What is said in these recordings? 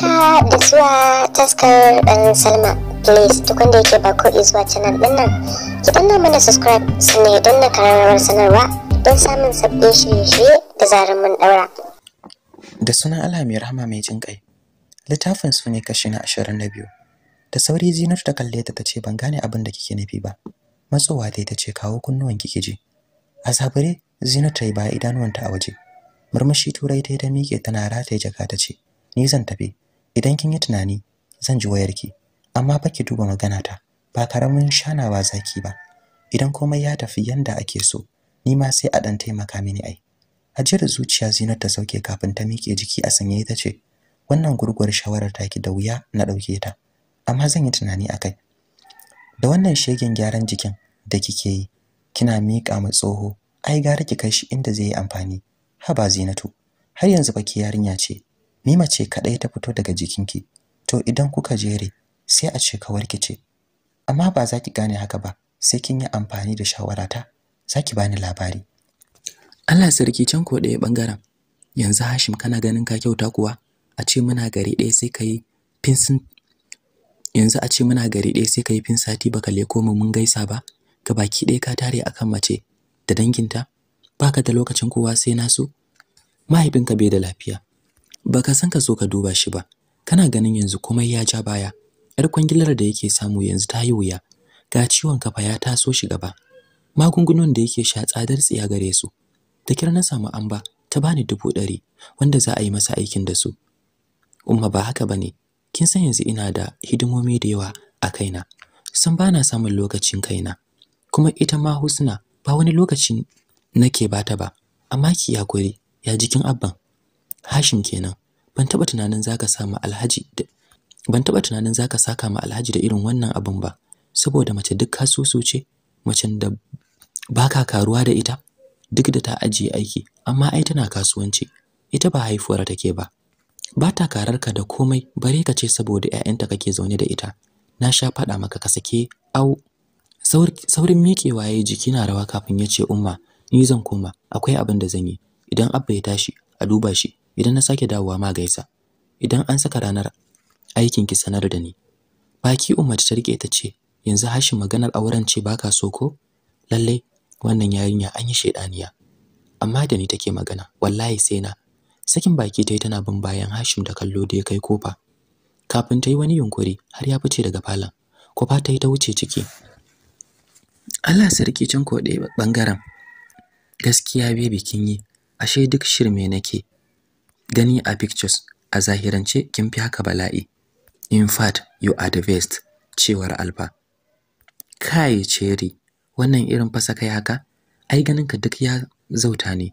haka da zuwa taskar dan salma please duk wanda yake ba ko zuwa canal din nan ki danna mana subscribe sannan ya danna karamar sanarwa don samun sabbin shirye-shirye da zarar mun daura da sunan Allah mai mai jin kai littafin su ne kashi na ashirin na biyu. da sauri zinatu ta kalle ta tace ban gane abin da kike nufi ba matsowa dai ce, kawo kunnuwan kike ji a zabure zinatu ta yi baya idanuwanta a waje murmushi turai ta yi ta miƙe tana rataye jaka ta ce ni zan tafi idan kin yi tunani zan ji wayarki amma fa ki duba magana ta ba karamin shanawa zaki ba idan komai ya tafi yanda ake so ni ma sai a dan taimaka mini ai ajiyar zuciya zinar ta sauke kafin ta miƙe jiki a sanye ta ce wannan gurguwar shawarar ki da wuya na ɗauke ta amma zan yi tunani akai da wannan shegen gyaran jikin da kike yi kina miƙa mu tsoho ai gara ki kai shi inda zai yi amfani haba zinatu har yanzu baki yarinya ce ni mace kadai ta fito daga jikinki to idan kuka jere sai a ce kawarki ce amma ba za ki gane haka ba sai kin yi amfani da shawarata za ki bani labari Allah sarki can ko ɗaya bangaren yanzu Hashim kana ganin ka kyauta kuwa a ce muna gari ɗaya sai kai pinsin yanzu a ce muna gari ɗaya sai kai fin sati baka leko mu mun gaisa ba ga baki ɗaya ka tare akan mace da danginta baka da lokacin kowa sai naso mahaifinka bai da lafiya baka san ka zo ka duba shi ba kana ganin yanzu komai ya ja baya yar kwangilar da yake samu yanzu ta yi wuya ga ciwon kafa ya taso shi gaba magungunan da yake sha tsadar tsiya gare su da kira na samu amba ta bani dubu ɗari wanda za a yi masa aikin da su umma ba haka bane kin san yanzu ina da hidimomi da yawa a kaina san bana samun lokacin kaina kuma ita ma husna ba wani lokacin nake bata ba amma ki kuri, ya jikin abban Hashin kenan. Ban taba tunanin zaka samu Alhaji ban taba tunanin zaka saka ma Alhaji da irin wannan abun ba saboda mace duk kasusu ce macen da baka karuwa da ita duk da ta ajiye aiki amma ai tana kasuwanci ita ba haifuwar take ba ba ta kararka da komai bare ka ce saboda ƴaƴanta kake zaune da ita na sha faɗa maka ka sake au saurin miƙewa yayi jiki na rawa kafin ya ce umma ni zan koma akwai abin da zan yi idan abba ya tashi a duba shi idan na sake dawowa ma gaisa idan an saka ranar aikin ki sanar da ni baki umar ta rike ta ce yanzu hashin maganar auren ce baka so ko lalle wannan yarinya an yi shedaniya amma da ni take magana wallahi sai na sakin baki tayi tana bin bayan Hashim da kallo da kai kofa kafin tayi wani yunkuri har ya fice daga falon kofa tayi ta wuce ciki Allah sarki can ko bangaren gaskiya baby kin yi ashe duk shirme nake gani a pictures a zahirance kin fi haka bala'i in fact you are the best cewar alfa kai cherry wannan irin fasa kai haka ai ganin ka duk ya zauta ne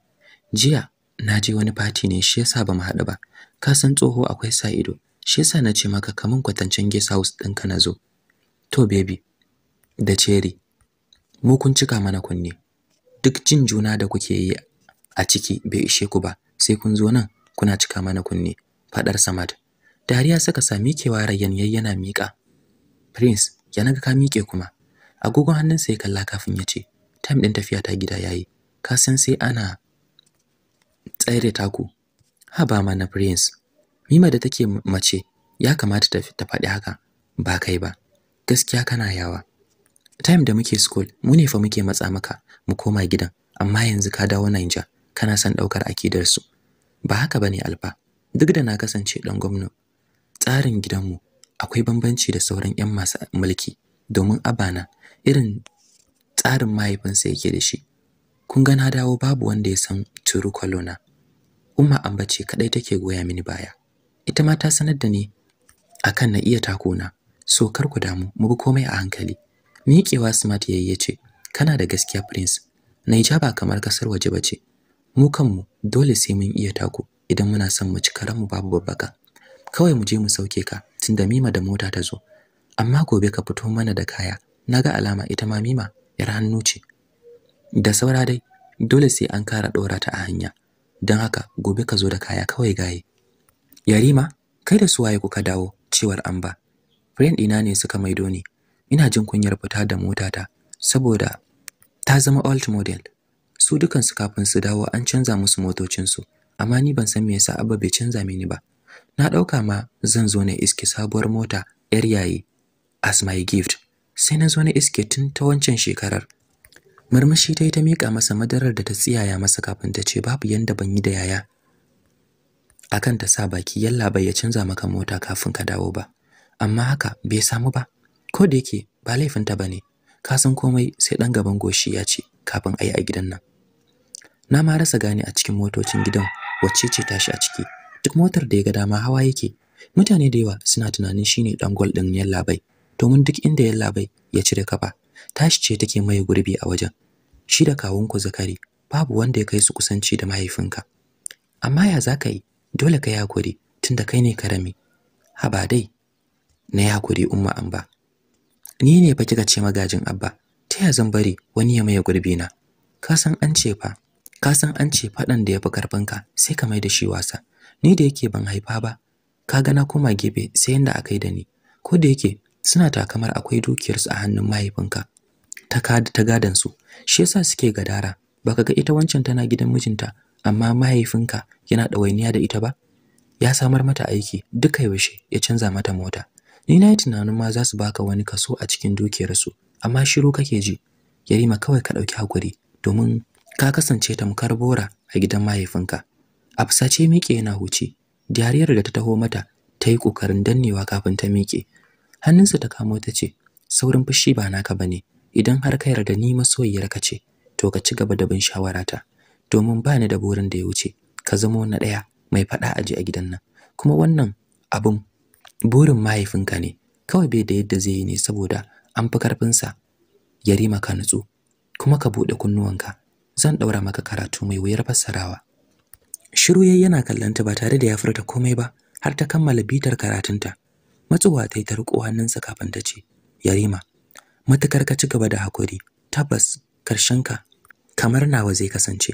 jiya na je wani party ne shi yasa bamu haɗu ba ka san tsoho akwai sa ido shi yasa na ce maka kaman kwatancen guest house ɗinka na zo to baby da cherry mu kun cika mana kunne duk jin juna da kuke yi a ciki bai ishe ku ba sai kun zo nan kuna cika mana kunne fadar Samad dariya saka sami kewa rayyan yana mika Prince ya naga ka mike kuma agogon hannunsa ya kalla kafin ya ce time din tafiya ta gida yayi ka san sai ana tsare taku haba mana Prince Mima da take mace ya kamata ta ta faɗi haka ba kai ba gaskiya kana yawa time da muke school mu ne fa muke matsa maka mu koma gidan amma yanzu ka dawo Niger kana son daukar akidar su ba haka bane alfa duk da na kasance dan gwamna tsarin gidanmu akwai bambanci da sauran 'yan masu mulki domin abana irin tsarin mahaifinsa yake da shi kun ga na dawo babu wanda ya san turu kwalona umma ambace kadai take goya mini baya ita ma ta sanar da ni akan na iya takona so kar ku damu mu bi komai a hankali miƙewa smart yayi yace kana da gaskiya prince naija ba kamar kasar waje bace mu kanmu dole sai mun iya taku idan muna son mu ci mu babu babbaka kawai mu je mu sauke ka tunda mima da mota ta zo amma gobe ka fito mana da kaya naga alama ita ma mima yar hannu ce da saura dai dole sai an kara dora ta a hanya don haka gobe ka zo da kaya kawai gaye yarima kai da suwaye kuka dawo cewar amba friend ina ne suka maido ni ina jin kunyar fita da motata saboda ta zama old model su dukansu kafin su dawo an canza musu motocinsu amma ni ban san me yasa abba bai canza mini ba na ɗauka ma zan zo na iske sabuwar mota yar yayi as my gift sai na zo na iske tun ta wancan shekarar murmushi yi ta miƙa masa madarar da ta tsiyaya masa kafin ta ce babu yanda ban yi da yaya akan ta sa baki yalla bai ya canza maka mota kafin ka dawo ba amma haka bai samu ba ko da yake ba laifinta bane ka san komai sai dan gaban goshi ya ce kafin ai a gidan nan na ma rasa gane a cikin motocin gidan wacce ce tashi a ciki duk motar da ya ga dama hawa yake mutane da yawa suna tunanin shine dan gol din yallabai domin duk inda yallabai ya cire kafa tashi ce take mai gurbi a wajen shi da kawunku zakari babu wanda ya kai su kusanci da mahaifinka amma ya za yi dole ka yi hakuri tunda kai ne karami haba dai na yi hakuri umma amba ni ne fa kika ce magajin abba ta ya zan bari wani ya maye gurbi na ka san an ce fa ka san an ce faɗan da ya fi karfinka sai ka mai da shi wasa ni da yake ban haifa ba ka ga na koma gebe sai inda akai da ni ko da yake suna takamar akwai dukiyarsu a hannun mahaifinka ta kada ta gadan su shi yasa suke gadara baka ga ita wancan tana gidan mijinta amma mahaifinka yana ɗawainiya da ita ba ya samar mata aiki duka yaushe ya canza mata mota ni na yi tunanin ma za su baka wani kaso a cikin dukiyarsu amma shiru kake ji yarima kawai ka ɗauki hakuri domin ka kasance tamkar bora a gidan mahaifinka a fusace miƙe yana huce jariyar da ta taho mata ta yi ƙoƙarin dannewa kafin ta miƙe hannunsa ta kamo ta ce saurin fushi ba naka ba ne. idan har ka yarda ni masoyiyar ka ce to ka ci gaba da bin shawarata domin ba ni da burin da ya wuce ka zamo na ɗaya mai faɗa aji a gidan nan kuma wannan abun burin mahaifinka ne kawai bai da yadda zai yi ne saboda an fi karfinsa ya rima ka nutsu kuma ka buɗe kunnuwanka zan ɗaura maka karatu mai wuyar fassarawa shiru yayi yana kallanta ba tare da ya furta komai ba har ta kammala bitar karatunta matsuwa ta yi ta riƙo hannunsa kafin ta ce yarima matukar ka ci gaba da hakuri tabbas ka kamar nawa zai kasance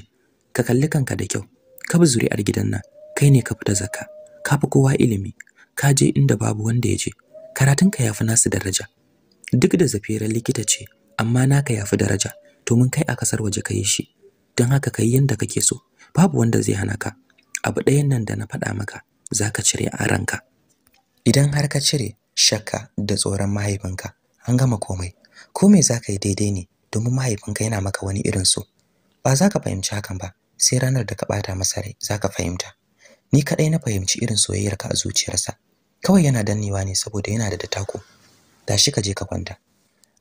ka kalli kanka da kyau ka bi zuri'ar gidan nan kai ne ka fita zakka ka fi kowa ilimi ka je inda babu wanda ya je karatunka ya fi nasu daraja duk da zafiran likita ce amma naka ya fi daraja domin kai a kasar waje ka shi don haka ka yi yadda kake so babu wanda zai hana ka abu ɗayan nan da na faɗa maka za ka cire a ranka idan har ka cire shakka da tsoron mahaifinka an gama komai ko me za ka yi daidai ne domin mahaifinka yana maka wani irin so ba za ka fahimci hakan ba sai ranar da ka ɓata masa rai za ka fahimta ni kaɗai na fahimci irin soyayyarka a zuciyarsa kawai yana dannewa ne saboda yana da Da shi ka je ka kwanta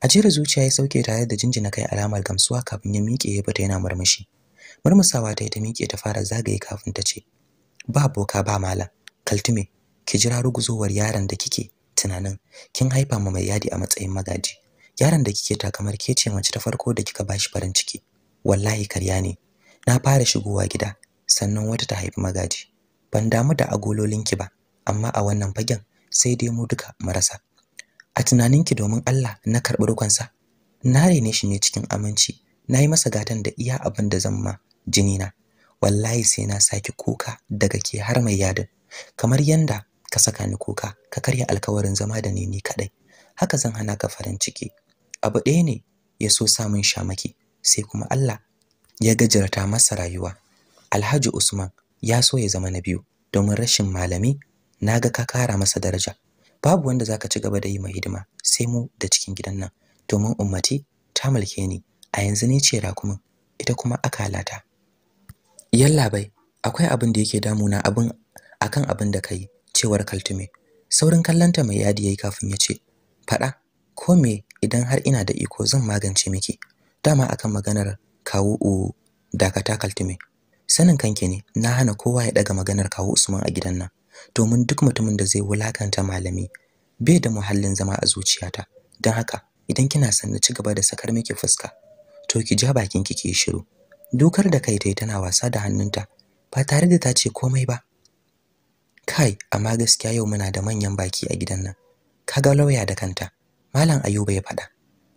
ajiyar zuciya ya sauke tare da jinjina kai alamar gamsuwa kafin ya miƙe ya fita yana murmushi murmusawa ta yi ta miƙe ta fara zagaye kafin ta ce ba boka ba malam kaltume ki jira ruguzowar yaron da kike tunanin kin haifa ma mai yadi a matsayin magaji yaron da kike takamar ke ce mace ta farko da kika bashi farin ciki wallahi karya ne na fara shigowa gida sannan wata ta haifi magaji ban damu da agololinki ba amma a wannan fagen sai dai mu duka marasa a tunaninki domin Allah na karɓi rukunsa na rene shi ne cikin aminci na yi masa gatan da iya abin da zan ma jinina wallahi sai na saki kuka daga ke har mai yadin kamar yanda ka saka ni kuka ka karya alkawarin zama da ni ni kadai haka zan hana ka farin ciki abu ɗaya ne ya so samun shamaki sai kuma Allah ya gajirta masa rayuwa Alhaji Usman ya so ya zama na biyu domin rashin malami Na ga ka kara masa daraja babu wanda zaka ci gaba da yi mai hidima sai mu da cikin gidan nan domin ummati ta mulke ni a yanzu ne ce rakumin ita kuma akalata yalla bai akwai abin da yake damuna abin akan abin da kai cewar kaltume saurin kallanta mai yadi yayi kafin ya ce fada ko me idan har ina da iko zan magance miki dama akan maganar kawo u dakata kaltume sanin kanki ne na hana kowa ya daga maganar kawo Usman a gidan nan domin duk mutumin da zai wulakanta malami bai da muhallin zama a zuciyata don haka idan kina son na ci gaba da sakar miki fuska to ki ja bakin ki shiru Dukar da kai tai tana wasa da hannunta ba tare da ta ce komai ba kai amma gaskiya yau muna da manyan baki a gidan nan kaga lauya da kanta malam ayuba ya faɗa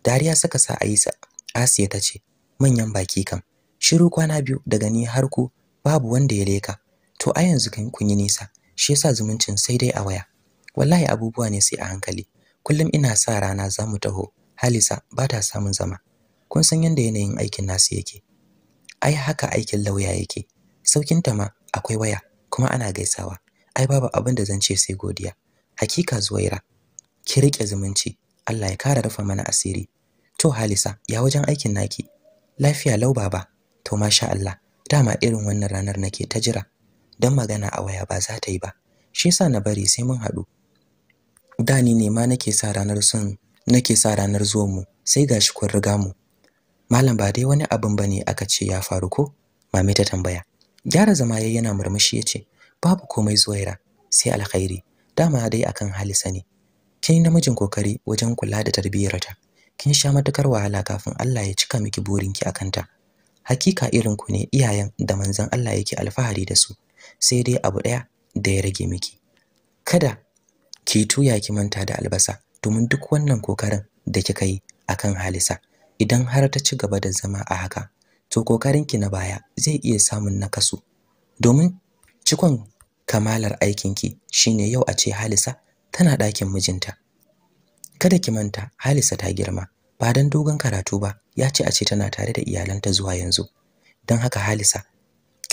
dariya suka sa aisa asiya ta ce manyan baki kan. shiru kwana biyu daga ni har ku babu wanda ya leka to a yanzu kan kun yi nisa shi yasa zumuncin sai dai a waya wallahi abubuwa ne sai a hankali kullum ina sa rana za mu taho halisa ba ta samun zama kun san yadda yanayin aikin nasu yake ai haka aikin lauya yake saukinta ma akwai waya kuma ana gaisawa ai babu abin da zan ce sai godiya hakika zuwaira ki rike zumunci Allah ya kara rufe mana asiri to halisa ya wajen aikin naki lafiya lau baba to masha Allah dama irin wannan ranar nake ta jira don magana a waya ba za ta yi ba shi yasa na bari sai mun haɗu da ni ne ma nake sa ranar son nake sa ranar zuwan mu sai gashi kun riga mu malam ba dai wani abin bane aka ce ya faru ko mami ta tambaya gyara zama yayi yana murmushi yace babu komai zuwaira sai alkhairi dama dai akan halisa ne kin namijin kokari wajen kula da tarbiyyarta kin sha matukar wahala kafin Allah ya cika miki burinki akanta kanta. hakika irin ku ne iyayen da manzon Allah yake alfahari da su sai dai abu ɗaya da ya rage miki kada ki tuya ki manta da albasa domin duk wannan kokarin da kika yi akan Halisa idan har ta ci gaba da zama a haka to kokarin ki na baya zai iya samun nakasu domin cikon kamalar aikinki shine yau a ce Halisa tana ɗakin mijinta kada ki manta Halisa ta girma ba dan dogon karatu ba ya ce a ce tana tare da iyalanta zuwa yanzu don haka Halisa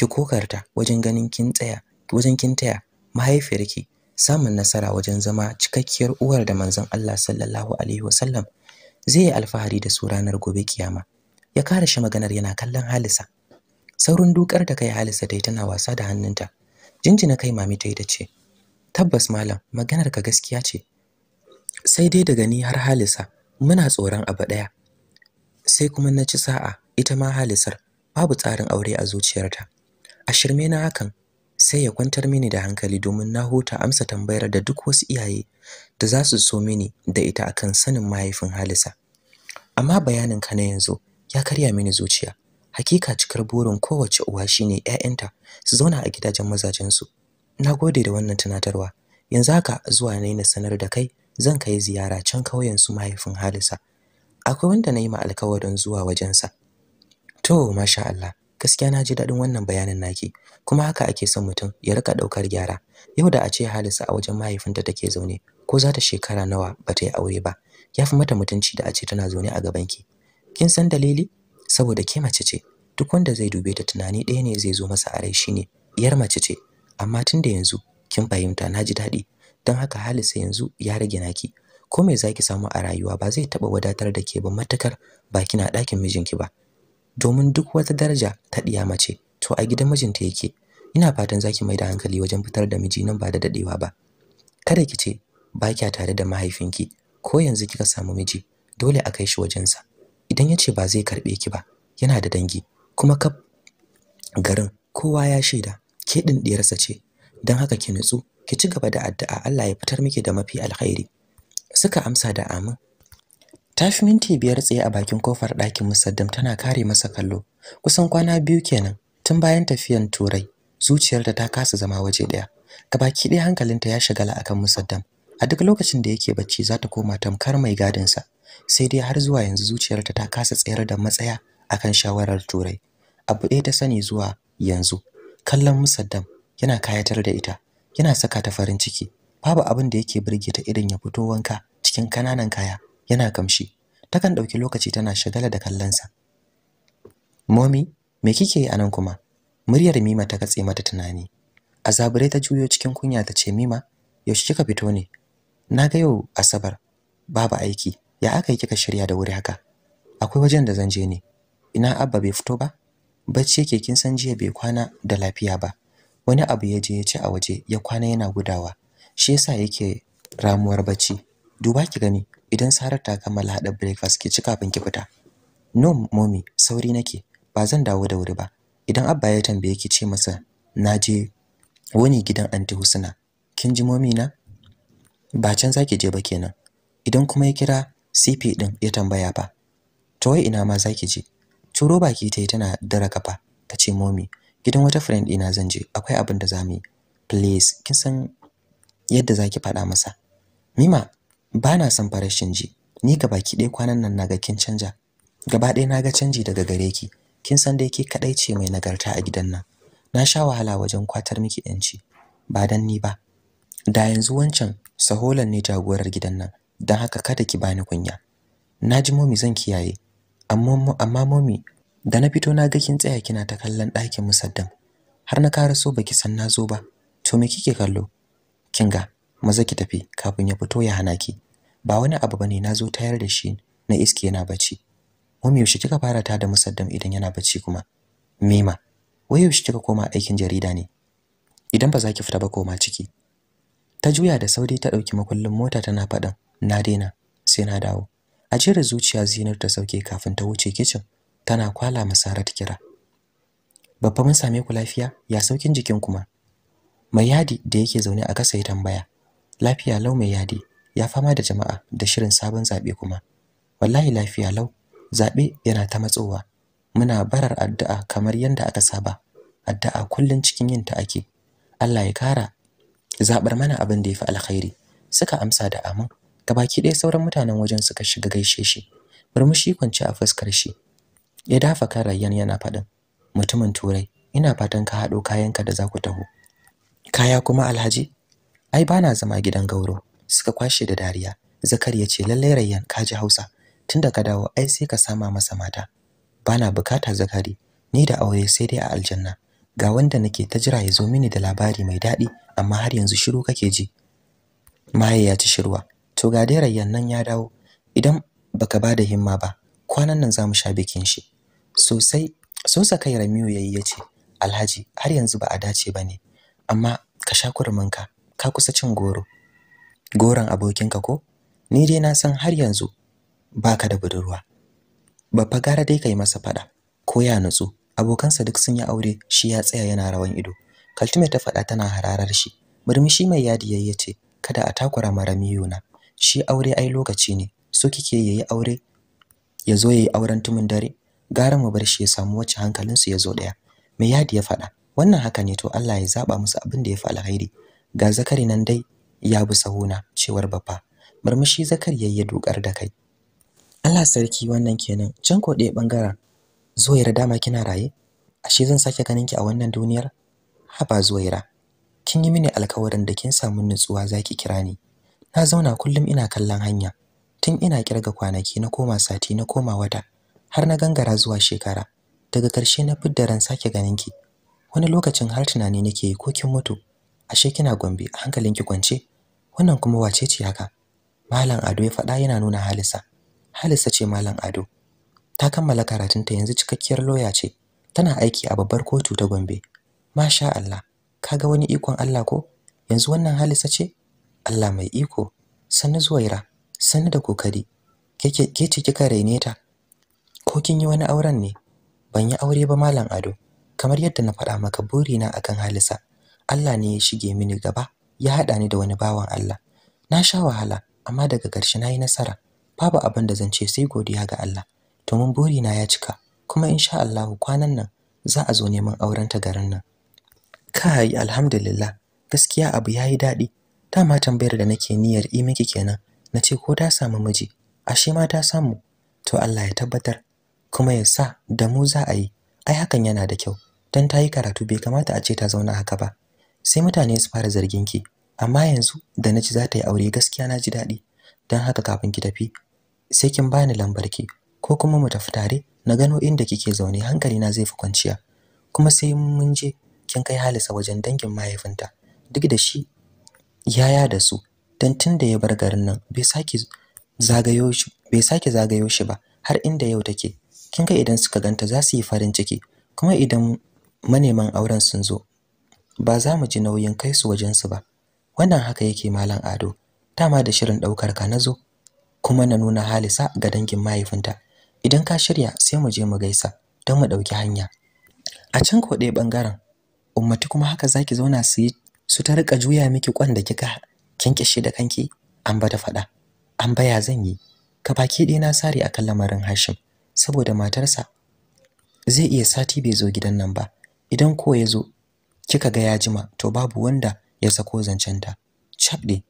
ki kokarta wajen ganin kin tsaya wajen kin taya mahaifiyarki samun nasara wajen zama cikakkiyar uwar da manzon Allah sallallahu alaihi wasallam zai yi alfahari da su ranar gobe kiyama ya kare shi maganar yana kallon Halisa saurin dukar da kai Halisa dai tana wasa da hannunta jinjina kai mami ta yi ta ce tabbas malam maganar ka gaskiya ce sai dai daga ni har Halisa muna tsoron abu daya sai kuma na ci sa'a ita ma Halisar babu tsarin aure a zuciyarta a shirme na hakan sai ya kwantar mini da hankali domin na huta amsa tambayar da duk wasu iyaye da za su so mini da ita akan sanin mahaifin Halisa. Amma bayanin ka na yanzu ya karya mini zuciya. Hakika cikar burin kowace uwa shine 'ya'yanta su zauna a gidajen mazajensu. Na gode da wannan tunatarwa. Yanzu haka zuwa ne na sanar da kai zan kai ziyara can kauyen su mahaifin Halisa. Akwai wanda na yi ma alkawarin zuwa wajensa. To, masha Allah, gaskiya na ji daɗin wannan bayanin naki kuma haka ake son mutum ya rika ɗaukar gyara yau da a ce halisa a wajen mahaifinta take zaune ko za ta shekara nawa ba ta yi aure ba ya fi mata mutunci da a ce tana zaune a gaban ki. kin san dalili saboda ke mace ce duk wanda zai dube ta tunani ɗaya ne zai zo masa a rai shine Yar mace ce amma tun da yanzu kin fahimta na ji daɗi don haka halisa yanzu ya rage naki ko me zaki samu a rayuwa ba zai taɓa wadatar da ke ba matakar ba kina ɗakin mijinki ba domin duk wata daraja ta ɗiya mace to a gidan mijinta yake ina fatan zaki mai da hankali wajen fitar da miji nan ba da dadewa ba kada ki ce ba kya tare da mahaifinki ko yanzu kika samu miji dole a kai shi wajen sa idan ya ce ba zai karɓe ki ba yana da dangi kuma kaf garin kowa ya shaida ke ɗin ɗiyarsa ce dan haka ki nutsu ki ci gaba da addu'a Allah ya fitar miki da mafi alkhairi suka amsa da amin tafi minti biyar tsaye a bakin kofar ɗakin musaddam tana kare masa kallo kusan kwana biyu kenan tun bayan tafiyan turai zuciyarta ta kasa zama waje ɗaya gabaki ɗaya hankalinta ya shagala akan musaddam a duk lokacin da yake bacci za ta koma tamkar mai gadinsa sai dai har zuwa yanzu zuciyarta ta kasa tsayar da matsaya akan shawarar turai abu ɗaya ta sani zuwa yanzu kallon musaddam yana kayatar da ita yana saka ta farin ciki babu abin da yake burge ta irin ya fito wanka cikin kananan kaya yana kamshi takan ɗauki lokaci tana shagala da kallonsa momi me kike yi anan kuma muryar mima ta katse mata tunani a zabure ta juyo cikin kunya ta ce mima yaushe kika fito ne na ga yau asabar babu aiki ya aka yi kika shirya da wuri haka akwai wajen da zan je ne ina abba bai fito ba bacci yake kin san jiya bai kwana da lafiya ba wani abu ya je ya ci a waje ya kwana yana gudawa shi yasa yake ramuwar bacci duba ki gani idan Sarar ta kammala hada breakfast ki ci kafin ki fita no mommy sauri nake ba zan dawo da wuri ba idan abba ya tambaye ki ce masa na je wani gidan anti Husna kin ji mommy na ba can zaki je ba kenan idan kuma ya kira CP din ya tambaya ba to wai ina ma zaki je turo baki tayi tana dara kafa tace mommy gidan wata friend ina zan je akwai abin da zamu yi please kin san yadda zaki faɗa masa mima ba na son farashin ji ni ga baki ɗaya kwanan nan naga kin canja gaba ɗaya naga canji daga gare ki kin san dai ke kaɗai ce mai nagarta a gidan nan na sha wahala wajen kwatar miki yanci ba dan ni ba da yanzu wancan saholan ne jagorar gidan nan don haka kada ki bani kunya na ji momi zan kiyaye amma amma momi da na fito na ga kin tsaya kina ta kallon ɗakin musaddam har na karaso baki san na zo ba to me kike kallo kinga maza ki tafi kafin ya fito ya hana ki ba wani abu bane zo tayar da shi na iske yana bacci Mun yaushe kika fara ta da musaddam idan yana bacci kuma mima wai yaushe kika koma aikin jarida ne idan ba za ki fita ba koma ciki ta juya da saudi ta dauki makullin mota tana fadan na daina sai na dawo a jira zuciya zinar ta sauke kafin ta wuce kitchen tana kwala masarat kira babba mun same ku lafiya ya saukin jikin kuma mai yadi da yake zaune a kasa ya tambaya lafiya lau mai yadi ya fama da jama'a da shirin sabon zabe kuma wallahi lafiya lau zabe yana ta matsowa muna barar addu'a kamar yanda aka saba addu'a kullun cikin yin ta ake Allah ya kara zabar mana abin da yafi alkhairi suka amsa da amin gabaki ɗaya sauran mutanen wajen suka shiga gaishe shi murmushi kwance a fuskar shi ya dafa kan rayyan yana faɗin mutumin turai ina fatan ka haɗo kayanka da za ku taho kaya kuma alhaji ai bana zama gidan gauro suka kwashe da dariya zakar ya ce lallai rayyan ka ji hausa tunda ka dawo ai sai ka sama masa mata bana bukata zakari ni da aure sai dai a aljanna ga wanda nake ta jira ya zo mini da labari mai daɗi amma har yanzu shiru kake ji maye ya ci shirwa to ga dai rayyan nan ya dawo idan baka ba da himma ba kwanan nan za mu sha bikin shi sosai sosa kai ramiyo yayi yace alhaji har yanzu ba a dace ba ne amma ka sha ka. ka kusa cin goro goron abokinka ko ni dai na san har yanzu baka da budurwa baffa gara dai kai masa fada ko ya nutsu abokansa duk sun yi aure shi ya tsaya yana rawan ido kaltume ta fada tana hararar shi murmushi mai yadi yayi ce kada a takura mara miyuna shi aure ai lokaci ne so kike yayi aure ya zo yayi auren tumin dare gara mu bar shi ya samu wacce hankalinsu ya zo ɗaya. mai yadi ya fada wannan haka ne to Allah ya zaba musu abin da ya fi alheri ga zakari nan dai ya bi sahuna cewar bafa murmushi zakari yayye dokar da kai Allah sarki wannan kenan can ko ɗaya bangaren zuwaira dama kina raye ashe zan sake ganin ki a wannan duniyar haba zuwaira kin yi mini alkawarin da kin samu nutsuwa zaki kira ni na zauna kullum ina kallon hanya tun ina kirga kwanaki na koma sati na koma wata har na gangara zuwa shekara daga karshe na fidda ran sake ganin ki wani lokacin har tunani nake ko kin mutu ashe kina gombe a hankalinki kwance wannan kuma wace ce haka malam ado ya faɗa yana nuna halisa halisa ce malam ado ta kammala karatunta yanzu cikakkiyar loya ce tana aiki a babbar kotu ta gombe masha Allah kaga wani ikon Allah ko yanzu wannan halisa ce Allah mai iko sannu zuwaira sannu da kokari ke ce kika raine ta ko kin yi wani auren ne ban yi aure ba malam ado kamar yadda na faɗa maka burina akan halisa Allah ne ya shige mini gaba ya haɗa ni da wani bawan Allah na sha wahala amma daga ƙarshe na yi nasara babu abin da zan ce sai godiya ga Allah domin na ya cika kuma insha Allah kwanan nan za a zo neman auren ta garin nan kai alhamdulillah gaskiya abu yayi daɗi dama tambayar da nake niyyar yi miki kenan nace ko ta samu miji ashe ma ta samu to Allah ya tabbatar kuma ya sa da mu za a yi ai hakan yana da kyau dan ta yi karatu bai kamata a ce ta zauna haka ba sai mutane su fara zargin ki amma yanzu da naji za ta yi aure gaskiya na ji daɗi don haka kafin ki tafi sai kin bani lambar ki ko kuma mu tafi tare na gano inda kike zaune hankali na zai fi kwanciya kuma sai mun je kin kai Halisa wajen dangin mahaifinta duk da shi yaya da su dan da ya bar garin nan bai sake zagayo shi bai sake zagayo shi ba har inda yau take kin ga idan suka ganta za su yi farin ciki kuma idan maneman auren sun zo ba za mu ji nauyin kai su wajensu ba wannan haka yake malam ado dama da shirin ɗaukar ka nazo kuma na nuna halisa ga dangin mahaifinta idan ka shirya sai mu je mu gaisa don mu ɗauki hanya a can ko ɗaya ɓangaren ummati kuma haka zaki zauna su yi su ta rika juya miki kwan da kika kyankyashe da kanki an bata faɗa an baya zan yi ka baki dina na sare akan lamarin hashim saboda matarsa zai iya sati bai zo gidan nan ba idan ko ya zo kika ga ya jima to babu wanda ya sako zancen ta chabde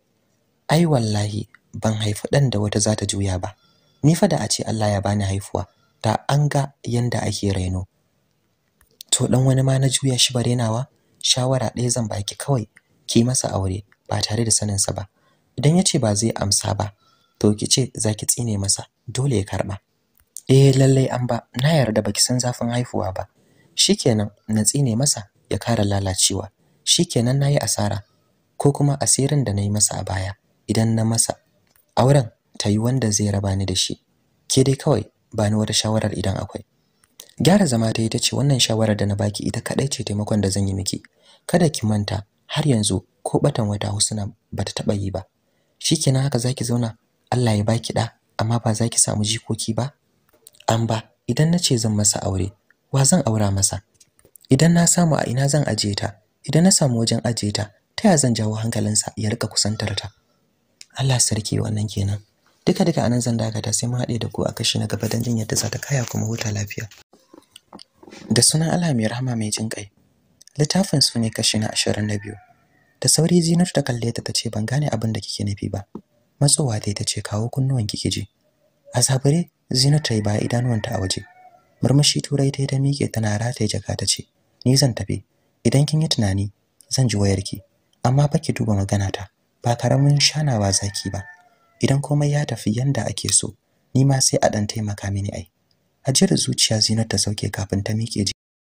ai wallahi ban haifi dan da wata zata juya ba ni fa da a ce Allah ya bani haifuwa da an ga yanda ake raino. to dan wani ma na juya shi bare nawa shawara ɗaya zan baki kawai ki masa aure ba tare da sanin sa ba idan ya ce ba zai amsa ba to ki ce zaki tsine masa dole ya karba eh lallai an ba na yarda baki san zafin haifuwa ba shikenan na tsine masa ya kara lalacewa shi shikenan nayi asara ko kuma asirin da na yi masa a baya idan na masa auren tayi wanda zai raba ni da shi ke dai kawai ba ni wata shawarar idan akwai gyara zama ta ita ce wannan shawarar da na baki ita kadai ce taimakon da zan yi miki kada ki manta har yanzu ko batan wata husna bata taba yi ba Shi kenan haka zaki zauna Allah ya baki da amma ba zaki samu jikoki ba an ba idan ce zan masa aure wa zan aura masa idan na samu a ina zan ajiye ta idan na samu wajen ajiye ta ta ya zan jawo hankalinsa ya rika kusantar ta Allah sarki wannan kenan duka duka anan zan dakata sai mu haɗe da ku a kashi na gaba don jin yadda za ta kaya kuma wuta lafiya da sunan Allah mai rahama mai jin kai littafin su ne kashi na biyu. da sauri zinar ta kalle ta tace ban gane abin da kike nufi ba matsowa ta tace kawo kunnuwan kike ji a zabure zinar ta yi baya idanuwanta a waje murmushi turai ta yi ta miƙe tana rataye jaka ta ce ni zan tafi idan kin yi tunani zan ji wayarki amma fa ki duba ta. ba karamin shanawa zaki ba idan komai ya tafi yanda ake so ni ma sai a dan taimaka mini ai ajiyar zuciya Zinar ta sauke kafin ta miƙe